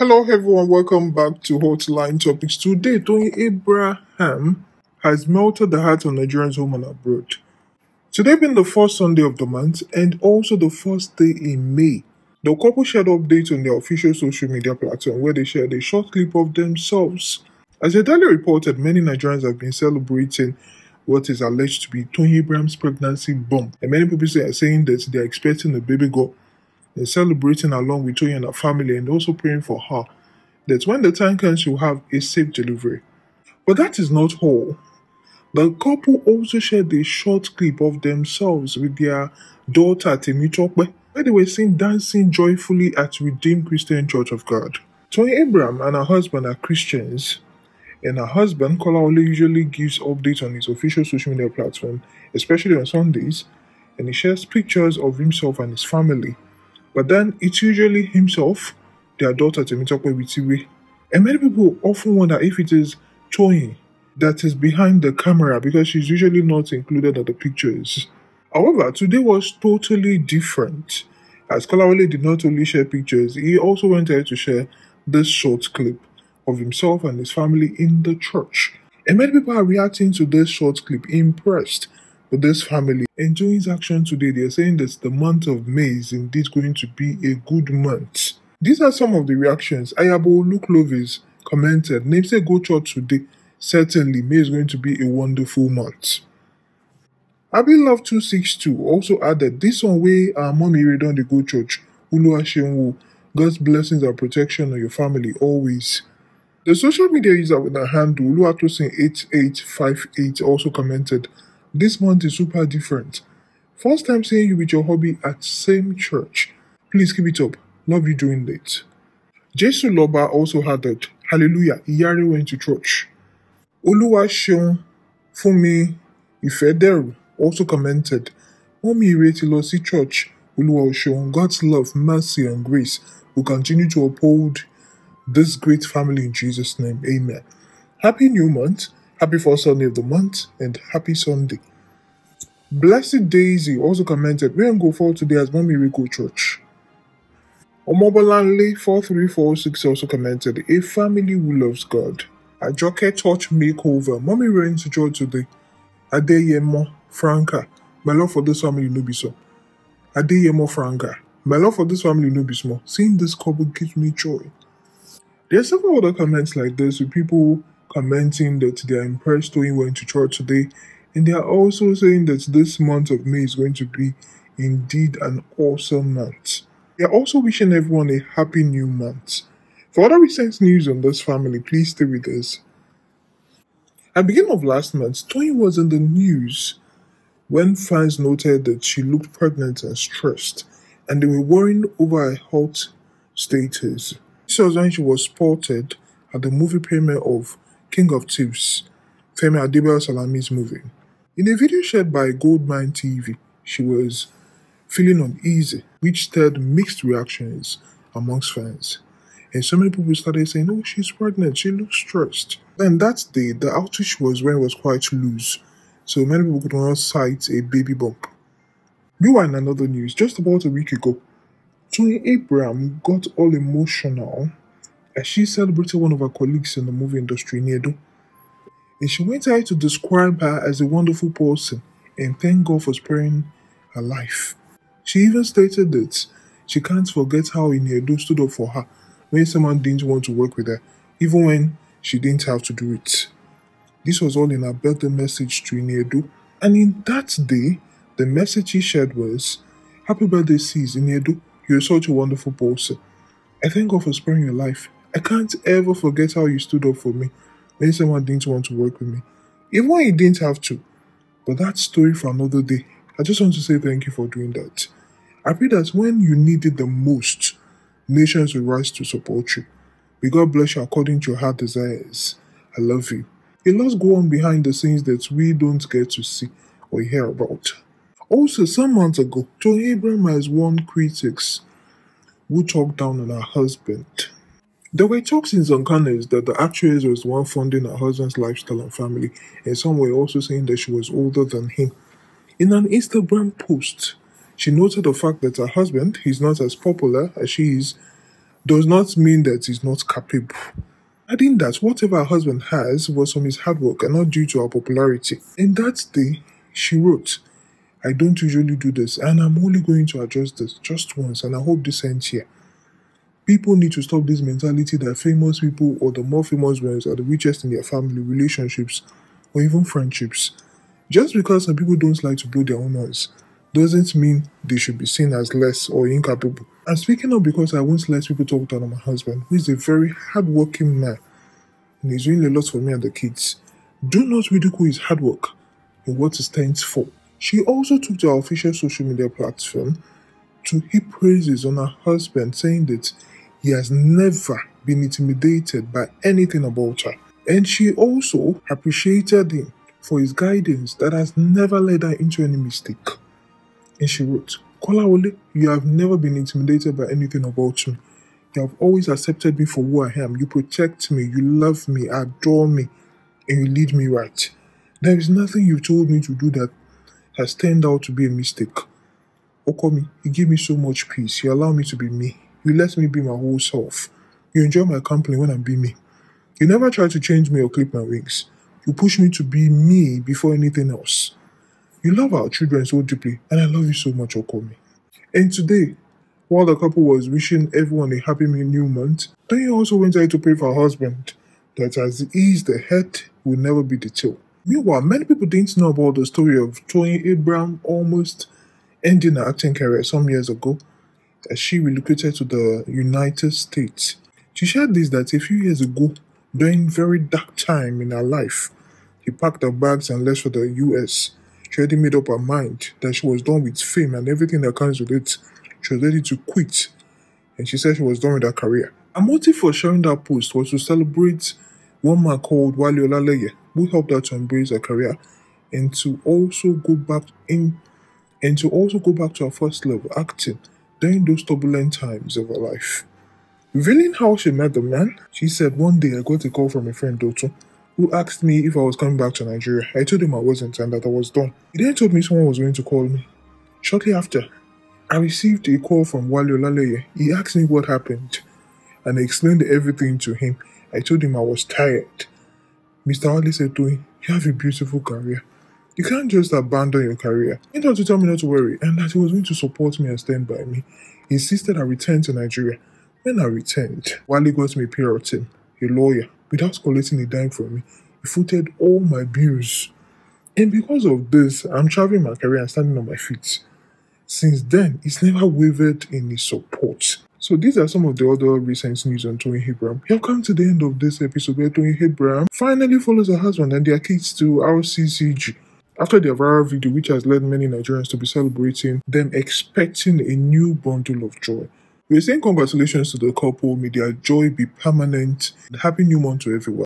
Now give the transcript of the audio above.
Hello, everyone. Welcome back to Hotline Topics. Today, Tony Abraham has melted the hearts of Nigerians home and abroad. Today being the first Sunday of the month and also the first day in May, the couple shared updates on their official social media platform where they shared a short clip of themselves. As a daily reported, many Nigerians have been celebrating what is alleged to be Tony Abraham's pregnancy bomb, and many people are saying that they are expecting a baby girl they're celebrating along with Toyin and her family and also praying for her that when the time comes, she'll have a safe delivery. But that is not all. The couple also shared a short clip of themselves with their daughter Temitope, where they were seen dancing joyfully at Redeemed Christian Church of God. Toyin Abraham and her husband are Christians, and her husband Kolaole usually gives updates on his official social media platform, especially on Sundays, and he shares pictures of himself and his family. But then it's usually himself, their daughter Temitope Witiwe. And many people often wonder if it is Toyin that is behind the camera because she's usually not included in the pictures. However, today was totally different as Kolawole did not only share pictures, he also went ahead to share this short clip of himself and his family in the church. And many people are reacting to this short clip impressed for this family. enjoying his action today. They're saying that the month of May is indeed going to be a good month. These are some of the reactions. Ayabo Luklovis commented, Namesake go church today. Certainly, May is going to be a wonderful month. Abi Love 262 also added, This one way our mommy read on the go church. Ulu God's blessings and protection on your family always. The social media user with a handle, Uluatosin8858, also commented, this month is super different. First time seeing you with your hobby at same church. Please keep it up. Love you doing it. Jason Loba also had that. Hallelujah, Yari went to church. Oluwaseun Fumi Ifederu also commented, Mommy Ireti Losi Church, Oluwaseun, God's love, mercy, and grace will continue to uphold this great family in Jesus' name. Amen. Happy New Month. Happy first Sunday of the month and happy Sunday. Blessed Daisy also commented, We don't go for today as mommy we go church. Omobolanle four three four six also commented, A family who loves God. Ajoke touch Makeover. Mommy ran to church today. Adeyemo Franca. My love for this family no be so. Adeyemo Franca. My love for this family no be small. Seeing this couple gives me joy. There are several other comments like this with people commenting that they are impressed when went to church today. And they are also saying that this month of May is going to be indeed an awesome month. They are also wishing everyone a happy new month. For other recent news on this family, please stay with us. At the beginning of last month, Tony was in the news when fans noted that she looked pregnant and stressed, and they were worrying over her health status. This was when she was spotted at the movie premiere of King of Thieves, Femi Adebel Salami's movie. In a video shared by Goldmine TV, she was feeling uneasy, which stirred mixed reactions amongst fans. And so many people started saying, Oh, she's pregnant, she looks stressed. And that day, the outreach was when it was quite loose, so many people could not cite a baby bump. Meanwhile, in another news, just about a week ago, Tony Abraham got all emotional as she celebrated one of her colleagues in the movie industry in Edo. And she went ahead to describe her as a wonderful person and thank God for sparing her life. She even stated that she can't forget how Inedo stood up for her when someone didn't want to work with her, even when she didn't have to do it. This was all in her birthday message to Inedo, and in that day, the message she shared was, Happy birthday, Sis Inedo, you're such a wonderful person. I thank God for sparing your life I can't ever forget how you stood up for me when someone didn't want to work with me, even when you didn't have to. But that story for another day. I just want to say thank you for doing that. I pray that when you needed the most, nations will rise to support you. May God bless you according to your heart desires. I love you. A lot go on behind the scenes that we don't get to see or hear about. Also, some months ago, Tony Abraham has warned critics who talked down on her husband there were talks in Zonkanes that the actress was the one funding her husband's lifestyle and family, and some were also saying that she was older than him. In an Instagram post, she noted the fact that her husband is not as popular as she is, does not mean that he's not capable. Adding that whatever her husband has was from his hard work and not due to her popularity. In that day, she wrote, I don't usually do this, and I'm only going to address this just once, and I hope this ends here. People need to stop this mentality that famous people or the more famous ones are the richest in their family, relationships, or even friendships. Just because some people don't like to blow their own nose doesn't mean they should be seen as less or incapable. I'm speaking up because I won't let people talk down on my husband, who is a very hardworking man and he's doing a lot for me and the kids. Do not ridicule his hard work and what it stands for. She also took to our official social media platform to heap praises on her husband, saying that he has never been intimidated by anything about her. And she also appreciated him for his guidance that has never led her into any mistake. And she wrote, Kolawole, you have never been intimidated by anything about you. You have always accepted me for who I am. You protect me, you love me, adore me, and you lead me right. There is nothing you've told me to do that has turned out to be a mistake. Okomi, you give me so much peace. You allow me to be me. You let me be my whole self. You enjoy my company when I'm be me. You never try to change me or clip my wings. You push me to be me before anything else. You love our children so deeply, and I love you so much, Okomi. And today, while the couple was wishing everyone a happy new month, Tonya also went out to pray for her husband that as is the head will never be the tail. Meanwhile, many people didn't know about the story of Tony Abraham almost ending her acting career some years ago as she relocated to the United States. She shared this that a few years ago, during very dark time in her life, she packed her bags and left for the US. She already made up her mind that she was done with fame and everything that comes with it. She was ready to quit, and she said she was done with her career. Her motive for sharing that post was to celebrate one man called Wale Olaleye, who helped her to embrace her career and to also go back in and to also go back to her first love, acting during those turbulent times of her life. Revealing how she met the man, she said, One day I got a call from a friend, Doto, who asked me if I was coming back to Nigeria. I told him I wasn't and that I was done. He then told me someone was going to call me. Shortly after, I received a call from Wale Laleye. He asked me what happened and I explained everything to him. I told him I was tired. Mr. Wale said to him, You have a beautiful career. You can't just abandon your career. He had to tell me not to worry and that he was going to support me and stand by me. He insisted I return to Nigeria. When I returned, Wale got me a PR team, a lawyer, without collecting a dime from me. He footed all my bills. And because of this, I'm traveling my career and standing on my feet. Since then, he's never wavered in his support. So these are some of the other recent news on Tony Hebram. We have come to the end of this episode where Tony Hebram finally follows her husband and their kids to RCCG. After their viral video, which has led many Nigerians to be celebrating them expecting a new bundle of joy, we're saying congratulations to the couple. May their joy be permanent. Happy new month to everyone.